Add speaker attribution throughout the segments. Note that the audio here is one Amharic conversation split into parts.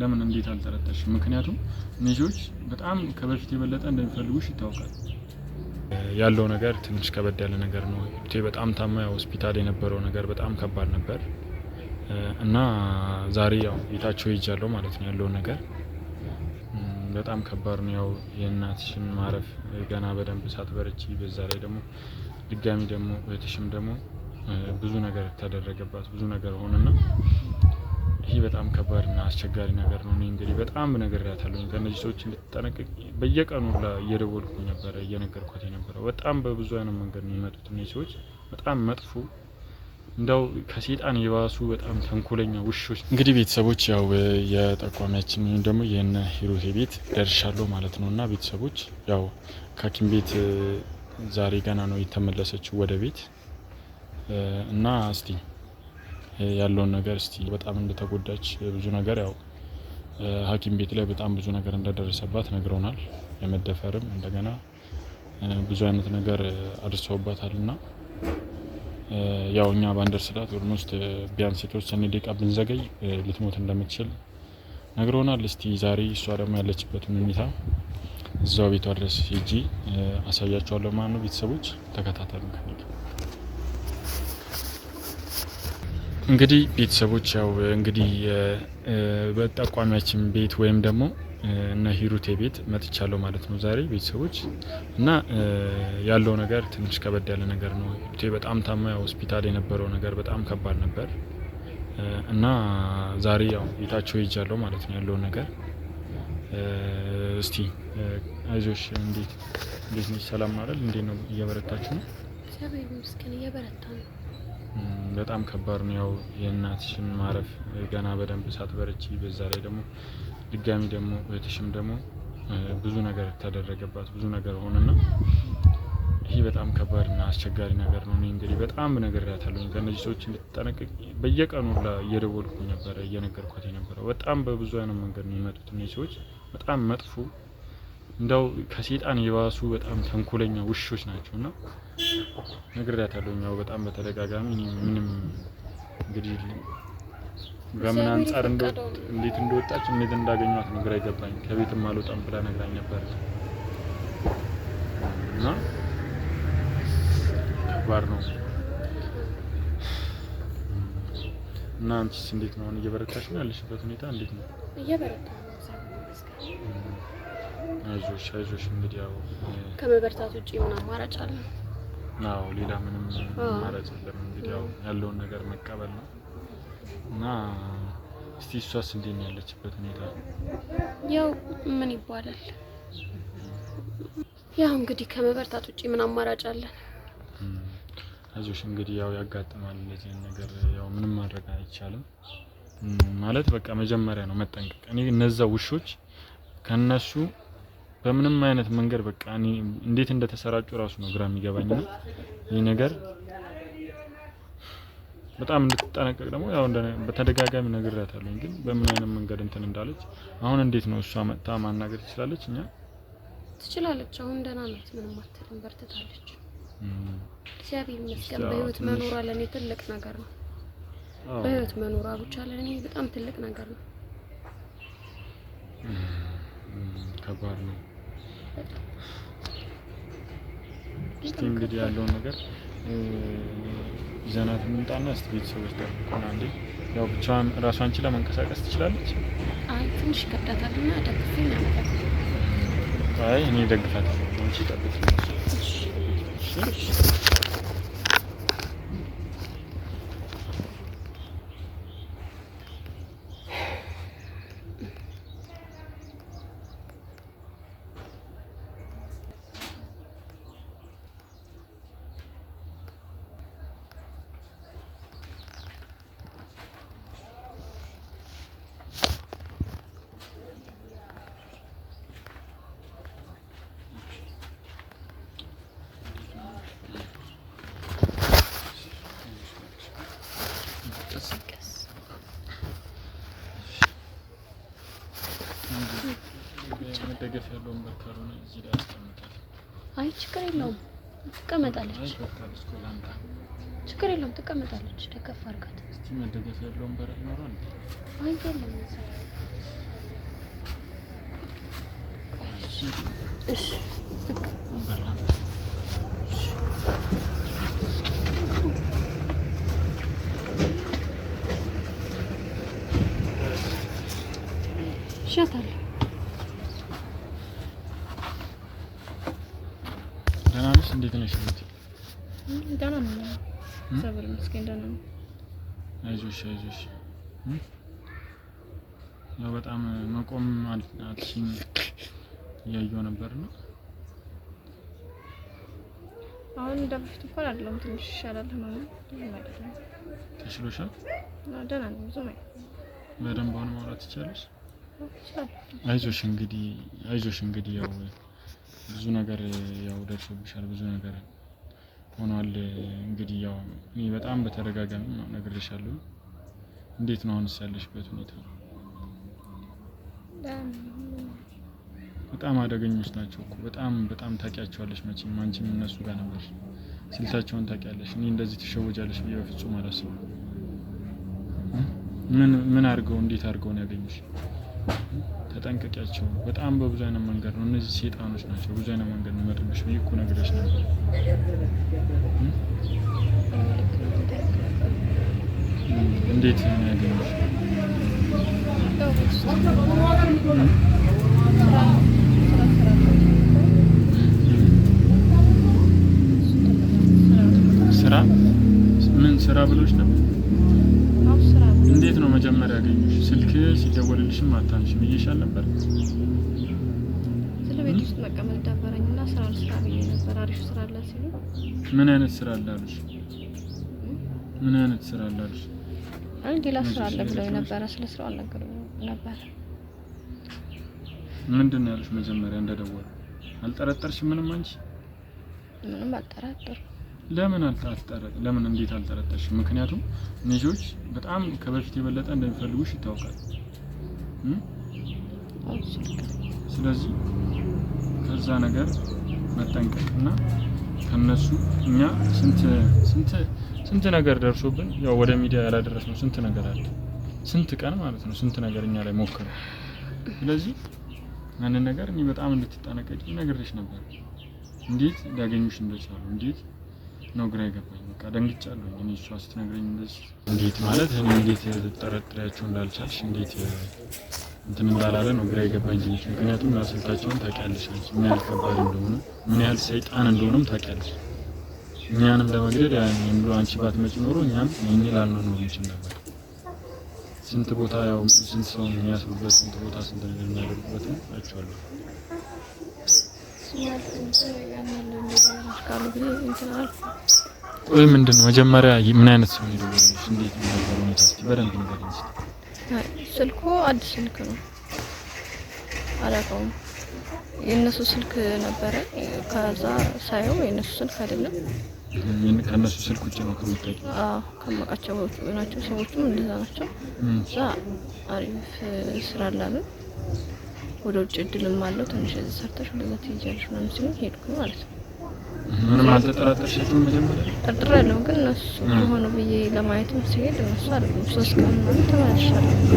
Speaker 1: ለምን እንዴት አልጠረጠርሽ? ምክንያቱም ልጆች በጣም ከበፊት የበለጠ እንደሚፈልጉሽ ይታወቃል። ያለው ነገር ትንሽ ከበድ ያለ ነገር ነው። በጣም ታማ ሆስፒታል የነበረው ነገር በጣም ከባድ ነበር እና ዛሬ ያው ቤታቸው ይጃለው ማለት ነው። ያለው ነገር በጣም ከባድ ነው። ያው የእናትሽን ማረፍ ገና በደንብ ሳትበረቺ፣ በዛ ላይ ደግሞ ድጋሚ ደግሞ እህትሽም ደግሞ ብዙ ነገር ተደረገባት ብዙ ነገር ሆነና ይህ በጣም ከባድና አስቸጋሪ ነገር ነው። እኔ እንግዲህ በጣም እነግራታለሁ ከእነዚህ ሰዎች እንድትጠነቀቅ በየቀኑ እየደወልኩኝ ነበረ እየነገርኳት ነበረ። በጣም በብዙ አይነት መንገድ ነው የሚመጡት እነዚህ ሰዎች በጣም መጥፎ እንደው ከሴጣን የባሱ በጣም ተንኮለኛ ውሾች። እንግዲህ ቤተሰቦች ያው የጠቋሚያችን ወይም ደግሞ ይህን ሂሮቴ ቤት ደርሻለሁ ማለት ነው። እና ቤተሰቦች ያው ከሐኪም ቤት ዛሬ ገና ነው የተመለሰችው ወደ ቤት እና እስቲ ያለውን ነገር እስቲ በጣም እንደተጎዳች ብዙ ነገር ያው ሐኪም ቤት ላይ በጣም ብዙ ነገር እንደደረሰባት ነግረውናል። የመደፈርም እንደገና ብዙ አይነት ነገር አድርሰውባታል እና ያው እኛ ባንደር ስላት ኦልሞስት ቢያንስ የተወሰነ ደቂቃ ብንዘገይ ልትሞት እንደምትችል ነግረውናል። እስቲ ዛሬ እሷ ደግሞ ያለችበትን ሁኔታ እዛው ቤቷ ድረስ ሄጂ አሳያቸዋለሁ ማለት ነው። ቤተሰቦች ተከታተሉ ከሚል እንግዲህ ቤተሰቦች ያው እንግዲህ በጠቋሚያችን ቤት ወይም ደግሞ እነ ሂሩቴ ቤት መጥቻለሁ ማለት ነው ዛሬ ቤተሰቦች እና ያለው ነገር ትንሽ ከበድ ያለ ነገር ነው። ሂሩቴ በጣም ታማ ያው ሆስፒታል የነበረው ነገር በጣም ከባድ ነበር እና ዛሬ ያው ቤታቸው ሄጃለሁ ማለት ነው ያለውን ነገር እስቲ አይዞሽ፣ እንዴት እንዴት ነች? ሰላም ማለት እንዴት ነው? እየበረታችሁ ነው?
Speaker 2: እግዚአብሔር ይመስገን እየበረታ ነው።
Speaker 1: በጣም ከባድ ነው። ያው የእናትሽን ማረፍ ገና በደንብ ሳትበረቺ፣ በዛ ላይ ደግሞ ድጋሚ ደግሞ እህትሽም ደግሞ ብዙ ነገር ተደረገባት ብዙ ነገር ሆነና ይህ በጣም ከባድና አስቸጋሪ ነገር ነው። እኔ እንግዲህ በጣም እነግራታለሁ ከእነዚህ ሰዎች እንድትጠነቀቅ በየቀኑ ላ እየደወልኩ ነበረ እየነገርኳት ነበረ። በጣም በብዙ አይነት መንገድ ነው የመጡት እነዚህ ሰዎች በጣም መጥፎ እንደው ከሴጣን የባሱ በጣም ተንኮለኛ ውሾች ናቸው እና ነግሬያታለሁ። ያው በጣም በተደጋጋሚ ምንም እንግዲህ በምን አንጻር እንዴት እንደወጣች እንዴት እንዳገኘት ነገር አይገባኝ። ከቤትም አልወጣም ብላ ነግራኝ ነበር እና ተግባር ነው እና አንቺስ እንዴት ነው? አሁን እየበረታሽ ነው? ያለሽበት ሁኔታ እንዴት ነው? እየበረታ አይዞሽ አይዞሽ። እንግዲህ ያው
Speaker 2: ከመበርታት ውጭ ምን አማራጭ አለ?
Speaker 1: አዎ ሌላ ምንም አማራጭ የለም። እንግዲህ ያው ያለውን ነገር መቀበል ነው እና እስቲ እሷስ እንዴት ነው ያለችበት ሁኔታ?
Speaker 2: ያው ምን ይባላል ያው እንግዲህ ከመበርታት ውጭ ምን አማራጭ አለን?
Speaker 1: አይዞሽ እንግዲህ ያው ያጋጥማል እንደዚህ ነገር ያው ምንም ማድረግ አይቻልም። ማለት በቃ መጀመሪያ ነው መጠንቀቅ። እኔ እነዛ ውሾች ከነሱ በምንም አይነት መንገድ በቃ እኔ እንዴት እንደተሰራጩ እራሱ ነው ግራ የሚገባኝ። እና ይህ ነገር በጣም እንድትጠነቀቅ ደግሞ ያው በተደጋጋሚ ነግሬያታለሁ። ግን በምን አይነት መንገድ እንትን እንዳለች አሁን እንዴት ነው እሷ መጥታ ማናገር ትችላለች? እኛ
Speaker 2: ትችላለች። አሁን ደህና ናት፣ ምንም አትልም፣ በርትታለች። እግዚአብሔር ይመስገን። በህይወት መኖሯ ለእኔ ትልቅ ነገር ነው። በህይወት መኖሯ ብቻ ለእኔ በጣም ትልቅ ነገር ነው።
Speaker 1: ከባድ ነው። እስቲ እንግዲህ ያለውን ነገር ይዘናት ምንጣና እስቲ ቤተሰቦች ጠብቁን አንዴ። ያው ብቻዋን ራሷን ችላ መንቀሳቀስ ትችላለች?
Speaker 2: አይ ትንሽ ይከብዳታልና ደግፌ ነበር።
Speaker 1: አይ እኔ ደግፋት አንቺ ጠብቂ። እሺ እሺ
Speaker 2: መደገፍ ያለው ወንበር ነው እዚህ ላይ አስቀምጣል። አይ ችግር የለውም ትቀመጣለች። ችግር የለውም ትቀመጣለች። ደገፍ አድርጋት
Speaker 1: እስቲ። መደገፍ ያለው ወንበር ይኖራል።
Speaker 2: አይ የለም። እሺ ወንበር እንዴት ነሽ? ደህና ነኝ ደህና
Speaker 1: አይዞሽ አይዞሽ። ያው በጣም መቆም አልሽኝ እያየሁ ነበር ነው።
Speaker 2: አሁን እንደ በፊት እኮ አይደለም፣ ትንሽ ይሻላል ህመሙ። ተሽሎሻል? ደህና ነው። ብዙ
Speaker 1: በደንብ አሁን ማውራት ትችላለሽ። አይዞሽ እንግዲህ አይዞሽ እንግዲህ ያው ብዙ ነገር ያው ደርሶብሻል፣ ብዙ ነገር ሆኗል። እንግዲህ ያው እኔ በጣም በተደጋጋሚ ነው ነግሬሻለሁ። እንዴት ነው አሁንስ ያለሽበት ሁኔታ? በጣም አደገኞች ናቸው እኮ በጣም በጣም ታውቂያቸዋለሽ። መቼም አንቺም እነሱ ጋር ነበር፣ ስልታቸውን ታውቂያለሽ። እኔ እንደዚህ ትሸወጃለሽ ብዬ በፍጹም አላሰብኩም። ምን ምን አድርገው እንዴት አድርገው ነው ያገኙሽ? ተጠንቀቂያቸው። በጣም በብዙ አይነት መንገድ ነው። እነዚህ ሴጣኖች ናቸው። ብዙ አይነት መንገድ ነው ይኩ ብዬሽ እኮ ነበር። እንዴት ነው ያገኘሽ? ስራ ምን ስራ ብሎች ነበር እንዴት ነው መጀመሪያ ያገኙሽ? ስልክ ሲደወልልሽም አታንሽም ብዬሻል ነበር።
Speaker 2: ስለ ቤት ውስጥ መቀመጥ ደበረኝ እና ስራ ልስራ ብዬ ነበር። አሪፍ ስራ አለ ሲሉ
Speaker 1: ምን አይነት ስራ አለ አሉሽ? ምን አይነት ስራ አለ አሉሽ?
Speaker 2: አይ ሌላ ስራ አለ ብለው ነበረ። ስለ ስራው አልነገሩኝም ነበር።
Speaker 1: ምንድን ነው ያሉሽ? መጀመሪያ እንደደወለ አልጠረጠርሽ? ምንም አንቺ
Speaker 2: ምንም አልጠረጠርኩም።
Speaker 1: ለምን አልጠረ ለምን እንዴት አልጠረጠርሽ? ምክንያቱም ልጆች በጣም ከበፊት የበለጠ እንደሚፈልጉሽ ይታወቃል። ስለዚህ ከዛ ነገር መጠንቀቅና ከነሱ እኛ ስንት ስንት ስንት ነገር ደርሶብን ያው ወደ ሚዲያ ነው። ስንት ነገር አለ። ስንት ቀን ማለት ነው ስንት ነገር እኛ ላይ ሞከረ። ስለዚህ ያንን ነገር እኔ በጣም እንድትጠነቀቂ ነግሬሽ ነበር። እንዴት ሊያገኙሽ እንደቻሉ እንዴት ነው ግራ የገባኝ። በቃ ደንግጫለሁ። እኔ እሷ ስትነግረኝ እንደዚህ እንዴት ማለት እኔ እንዴት ልጠረጥሪያቸው እንዳልቻልሽ እንዴት እንትን እንዳላለ ነው ግራ የገባኝ ትንሽ። ምክንያቱም ስልካቸውን ታውቂያለሽ ምን ያህል ከባድ እንደሆነ ምን ያህል ሰይጣን እንደሆነም ታውቂያለሽ። እኛንም ለመግደል ያን አንቺ ባትመጪ ኖሮ እኛም ይህን ላልነው ነው እንችል ነበር። ስንት ቦታ ያው ስንት ሰው የሚያስሩበት ስንት ቦታ ስንት የሚያደርጉበት ነው አይቼዋለሁ። ወይ ምንድን ነው መጀመሪያ ምን አይነት ሰው ነው? እንዴት ሁኔታ?
Speaker 2: ስልኩ አዲስ ስልክ ነው፣ አላውቀውም። የእነሱ ስልክ ነበረ። ከዛ ሳየው የእነሱ ስልክ አይደለም፣
Speaker 1: ከእነሱ ስልክ ውጭ ነው።
Speaker 2: አዎ ከማውቃቸው ናቸው፣ ሰዎቹም እንደዛ ናቸው። እዛ አሪፍ ስራ አላለም ወደ ውጭ እድልም አለው ትንሽ እዚህ ሰርተሽ ወደዛ ትሄጃለሽ ምናምን ሲሉኝ ሄድኩ ማለት ነው።
Speaker 1: ምንም አልተጠራጠርሽም? መጀመሪያ
Speaker 2: ጠርጥሬያለሁ፣ ግን እነሱ ሆኑ ብዬ ለማየትም ሲሄድ እነሱ አይደለም ሶስት ቀን ምናምን ተመልሻለሁ።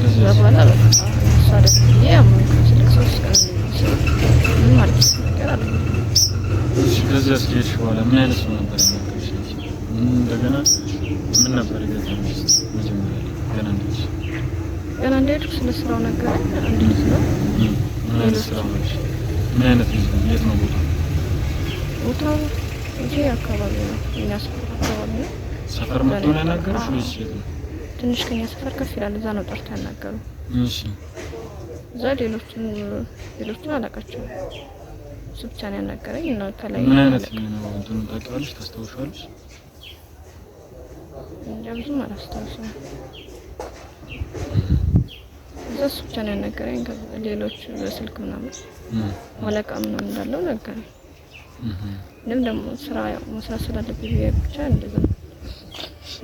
Speaker 2: ከዛ በኋላ እነሱ እሱ ብዬ አመንኩ። ስልክ ሶስት ቀን ሲሄድ ምንም አዲስ ነገር አለ።
Speaker 1: ከዚያ ስሄድሽ በኋላ ምን አይነት ሰው ነበር?
Speaker 2: ትንሽ ከኛ ሰፈር ከፍ ይላል። እዛ ነው ጠርታ ያናገሩ። እዛ ሌሎቹን ሌሎቹን አላውቃቸውም። እሱ ብቻ ነው ያናገረኝ እና ከላይ
Speaker 1: ምን አይነት ነው እንትኑ ታውቂዋለሽ? ታስታውሻለሽ?
Speaker 2: እንጃ ብዙም እዛ እሱ ብቻ ነው ያናገረኝ። ሌሎች በስልክ ምናምን አለቃ ምናምን እንዳለው ነገረኝ። ምንም ደግሞ ስራ መስራት ስላለብኝ ብቻ እንደዛ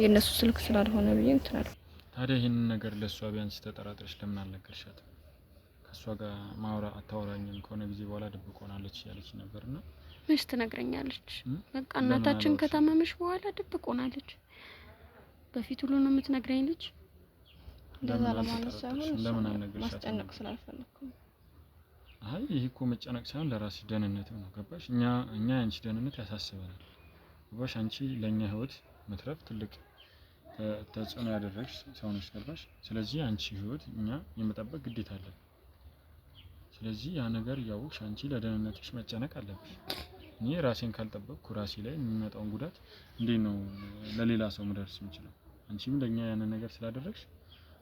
Speaker 2: የእነሱ ስልክ ስላልሆነ ብዬ እንትናል።
Speaker 1: ታዲያ ይህንን ነገር ለእሷ ቢያንስ ተጠራጥረሽ ለምን አልነገርሻት? ከእሷ ጋር ማውራ አታወራኝም ከሆነ ጊዜ በኋላ ድብቆናለች እያለች ነበር እና
Speaker 2: መች ትነግረኛለች? በቃ እናታችን ከታመመች በኋላ ድብቆናለች። በፊት ሁሉ ነው የምትነግረኝ ልጅ። እንደዛ ማስጨነቅ
Speaker 1: አይ ይህ እኮ መጨነቅ ሳይሆን ለራስ ደህንነት ነው። ገባሽ? እኛ እኛ የአንቺ ደህንነት ያሳስበናል። ገባሽ? አንቺ ለእኛ ህይወት መትረፍ ትልቅ ተጽዕኖ ያደረግሽ ነሽ ገባሽ። ስለዚህ አንቺ ህይወት እኛ የመጠበቅ ግዴታ አለን። ስለዚህ ያ ነገር እያወቅሽ አንቺ ለደህንነትሽ መጨነቅ አለብሽ። እኔ ራሴን ካልጠበቅኩ ራሴ ላይ የሚመጣውን ጉዳት እንዴት ነው ለሌላ ሰው መድረስ የምችለው? አንቺም ለእኛ ያንን ነገር ስላደረግሽ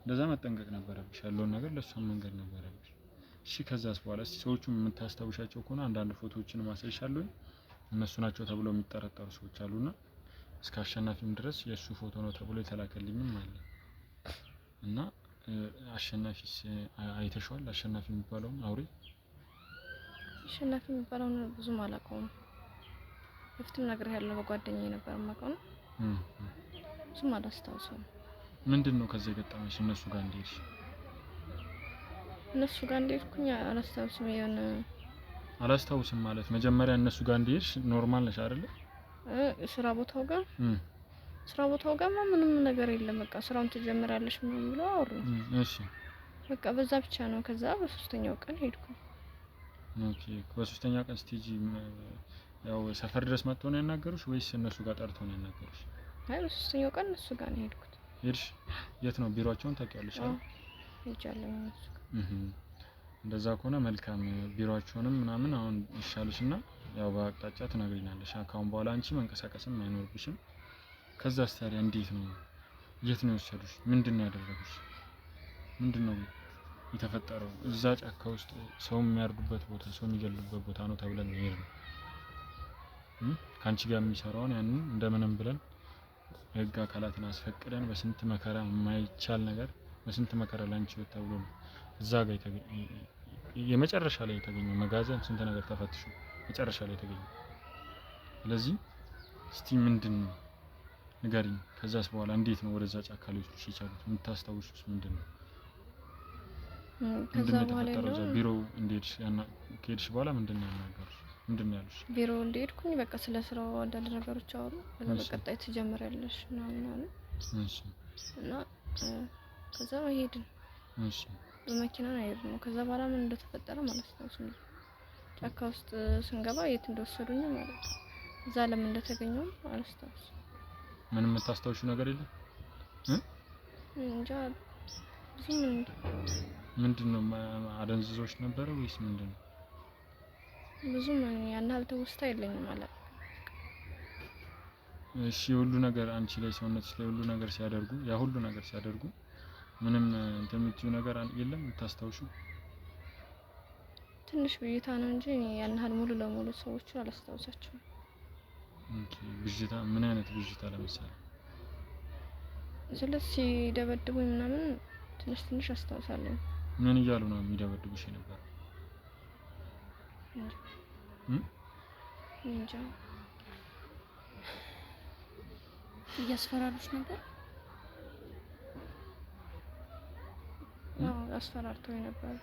Speaker 1: እንደዛ መጠንቀቅ ነበረብሽ። ያለውን ነገር ለእሷን መንገድ ነበረብሽ። እሺ ከዛስ በኋላ ሰዎቹ የምታስታውሻቸው ከሆነ አንዳንድ ፎቶዎችን ማሳይሻለሁ። እነሱ ናቸው ተብለው የሚጠረጠሩ ሰዎች አሉና እስከ አሸናፊም ድረስ የእሱ ፎቶ ነው ተብሎ የተላከልኝም አለ እና አሸናፊ አይተሸዋል። አሸናፊ የሚባለውን አውሬ
Speaker 2: አሸናፊ የሚባለውን ብዙም አላውቀውም። በፊትም ነገር ያለው በጓደኛ የነበር ማቀው ነው። ብዙም አላስታውሰውም።
Speaker 1: ምንድን ነው ከዚህ የገጠመሽ? እነሱ ጋር እንደሄድሽ
Speaker 2: እነሱ ጋር እንደሄድኩኝ አላስታውስም። የሆነ
Speaker 1: አላስታውስም ማለት መጀመሪያ እነሱ ጋር እንደሄድሽ ኖርማል ነሽ አይደለም?
Speaker 2: ስራ ቦታው ጋር ስራ ቦታው ጋር ምንም ነገር የለም። በቃ ስራውን ትጀምራለሽ ምናምን ብለው አወሩ። እሺ በቃ በዛ ብቻ ነው። ከዛ በሶስተኛው ቀን ሄድኩ።
Speaker 1: ኦኬ በሶስተኛው ቀን ስቴጂ ያው ሰፈር ድረስ መጥቶ ነው ያናገሩሽ ወይስ እነሱ ጋር ጠርቶ ነው ያናገሩሽ?
Speaker 2: አይ በሶስተኛው ቀን እነሱ ጋር ነው የሄድኩት።
Speaker 1: ሄድሽ የት ነው ቢሮአቸውን ታውቂያለሽ? አዎ
Speaker 2: ሄጃለሁ እነሱ ጋር።
Speaker 1: እንደዛ ከሆነ መልካም ቢሮአቸውንም ምናምን አሁን ይሻልሽና ያው በአቅጣጫ ትነግሪናለሽ። ካሁን በኋላ አንቺ መንቀሳቀስም አይኖርብሽም። ከዛ ስታዲያ እንዴት ነው? የት ነው የወሰዱሽ? ምንድን ነው ያደረጉሽ? ምንድን ነው የተፈጠረው? እዛ ጫካ ውስጥ ሰው የሚያርዱበት ቦታ፣ ሰው የሚገሉበት ቦታ ነው ተብለን መሄድ ነው። ከአንቺ ጋር የሚሰራውን ያንን እንደምንም ብለን የህግ አካላትን አስፈቅደን በስንት መከራ የማይቻል ነገር በስንት መከራ ላንቺ ተብሎ ነው እዛ ጋር የመጨረሻ ላይ የተገኘው መጋዘን ስንት ነገር ተፈትሾ መጨረሻ ላይ ተገኘ። ስለዚህ እስቲ ምንድን ነው ንገሪኝ። ከዛስ በኋላ እንዴት ነው ወደዛ ጫካ ሊወስዱሽ የቻሉት? የምታስታውሱስ ምንድን ነው?
Speaker 2: ምንድን ነው የተፈጠረው? እዛ ቢሮ
Speaker 1: እንደሄድሽ ከሄድሽ በኋላ ምንድን ነው ያናገሩሽ? ምንድን ነው ያሉሽ?
Speaker 2: ቢሮ እንደሄድኩኝ በቃ ስለ ስራው አንዳንድ ነገሮች አወሩ። በቀጣይ ትጀምሪያለሽ ምናምን አሉ እና ከዛ ሄድን። በመኪና ነው የሄድነው። ከዛ በኋላ ምን እንደተፈጠረ ማለት ነው ጫካ ውስጥ ስንገባ የት እንደወሰዱኝ ማለት ነው። እዛ ለምን እንደተገኘውም አላስታውስ።
Speaker 1: ምንም የምታስታውሹ ነገር የለም?
Speaker 2: እንጃ ብዙ ምን
Speaker 1: ምንድን ነው አደንዝዞች ነበረ ወይስ ምንድን ነው?
Speaker 2: ብዙ ምን ያን ያህል ትውስታ የለኝም ማለት
Speaker 1: እሺ ሁሉ ነገር አንቺ ላይ ሰውነትሽ ላይ ሁሉ ነገር ሲያደርጉ ያ ሁሉ ነገር ሲያደርጉ ምንም እንትን የምትይው ነገር የለም የምታስታውሹ
Speaker 2: ትንሽ ብዥታ ነው እንጂ ያን ያህል ሙሉ ለሙሉ ሰዎቹ አላስታውሳቸውም።
Speaker 1: ብዥታ ምን አይነት ብዥታ? ለምሳሌ
Speaker 2: ስለት ሲደበድቡ ምናምን ትንሽ ትንሽ አስታውሳለሁ።
Speaker 1: ምን እያሉ ነው የሚደበድቡሽ ነበር?
Speaker 2: እንጃ እያስፈራሩሽ ነበር? አዎ አስፈራርተው ነበር።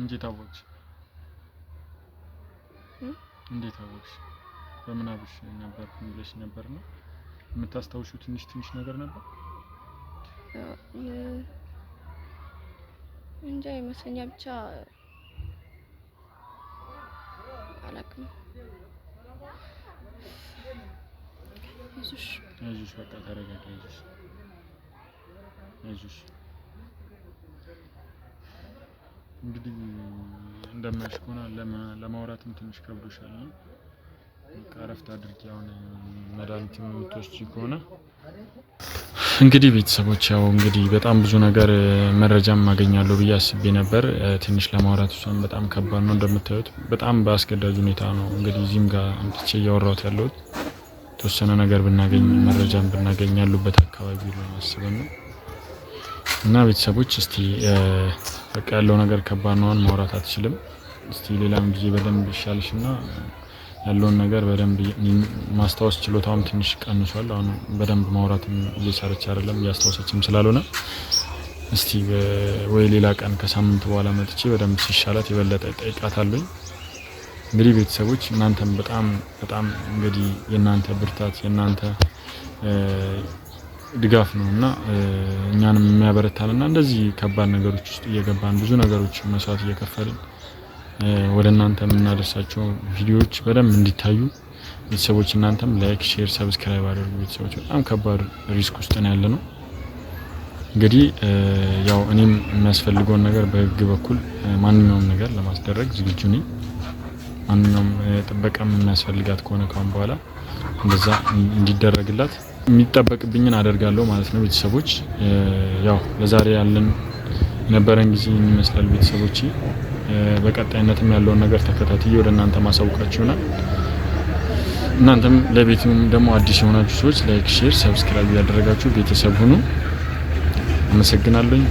Speaker 1: እንጂ አወቅሽ? እንዴት አወቅሽ? በምን አብሽ ነበር ብለሽ ነበር ነው የምታስታውሹ? ትንሽ ትንሽ ነገር ነበር
Speaker 2: እንጃ ይመስለኛል። ብቻ አላውቅም። አይዞሽ
Speaker 1: አይዞሽ፣ በቃ ተረጋጊ። አይዞሽ አይዞሽ እንግዲህ እንደማይሽ ከሆነ ለማውራትም ትንሽ ከብዶሻል ነው። እረፍት አድርጊ። አሁን መድኃኒት የምትወስጂ ከሆነ እንግዲህ ቤተሰቦች ያው እንግዲህ በጣም ብዙ ነገር መረጃም ማገኛለሁ ብዬ አስቤ ነበር። ትንሽ ለማውራት እሷን በጣም ከባድ ነው እንደምታዩት፣ በጣም በአስገዳጅ ሁኔታ ነው እንግዲህ እዚህም ጋር አምጥቼ እያወራሁት ያለሁት የተወሰነ ነገር ብናገኝ መረጃም ብናገኝ ያሉበት አካባቢ ነው ነው እና ቤተሰቦች እስቲ በቃ ያለው ነገር ከባድ ነው። አሁን ማውራት አትችልም። እስቲ ሌላም ጊዜ በደንብ ይሻልሽ እና ያለውን ነገር በደንብ ማስታወስ ችሎታውም ትንሽ ቀንሷል። አሁን በደንብ ማውራትም እየሰረች አይደለም፣ እያስታወሰችም ስላልሆነ እስቲ ወይ ሌላ ቀን ከሳምንት በኋላ መጥቼ በደንብ ሲሻላት የበለጠ ጠይቃታለሁ። እንግዲህ ቤተሰቦች እናንተም በጣም በጣም እንግዲህ የእናንተ ብርታት የእናንተ ድጋፍ ነው እና እኛንም የሚያበረታል እና እንደዚህ ከባድ ነገሮች ውስጥ እየገባን ብዙ ነገሮች መስዋዕት እየከፈልን ወደ እናንተ የምናደርሳቸው ቪዲዮዎች በደንብ እንዲታዩ ቤተሰቦች እናንተም ላይክ፣ ሼር፣ ሰብስክራይብ አድርጉ። ቤተሰቦች በጣም ከባድ ሪስክ ውስጥ ነው ያለ ነው። እንግዲህ ያው እኔም የሚያስፈልገውን ነገር በህግ በኩል ማንኛውም ነገር ለማስደረግ ዝግጁ ነኝ። ማንኛውም ጥበቃም የሚያስፈልጋት ከሆነ ካሁን በኋላ እንደዛ እንዲደረግላት የሚጠበቅብኝን አደርጋለሁ ማለት ነው። ቤተሰቦች ያው ለዛሬ ያለን የነበረን ጊዜ የሚመስላል። ቤተሰቦች በቀጣይነትም ያለውን ነገር ተከታትዬ ወደ እናንተ ማሳውቃችሁ ይሆናል። እናንተም ለቤትም ደግሞ አዲስ የሆናችሁ ሰዎች ላይክ፣ ሼር፣ ሰብስክራይብ ያደረጋችሁ ቤተሰብ ሁኑ። አመሰግናለኝ።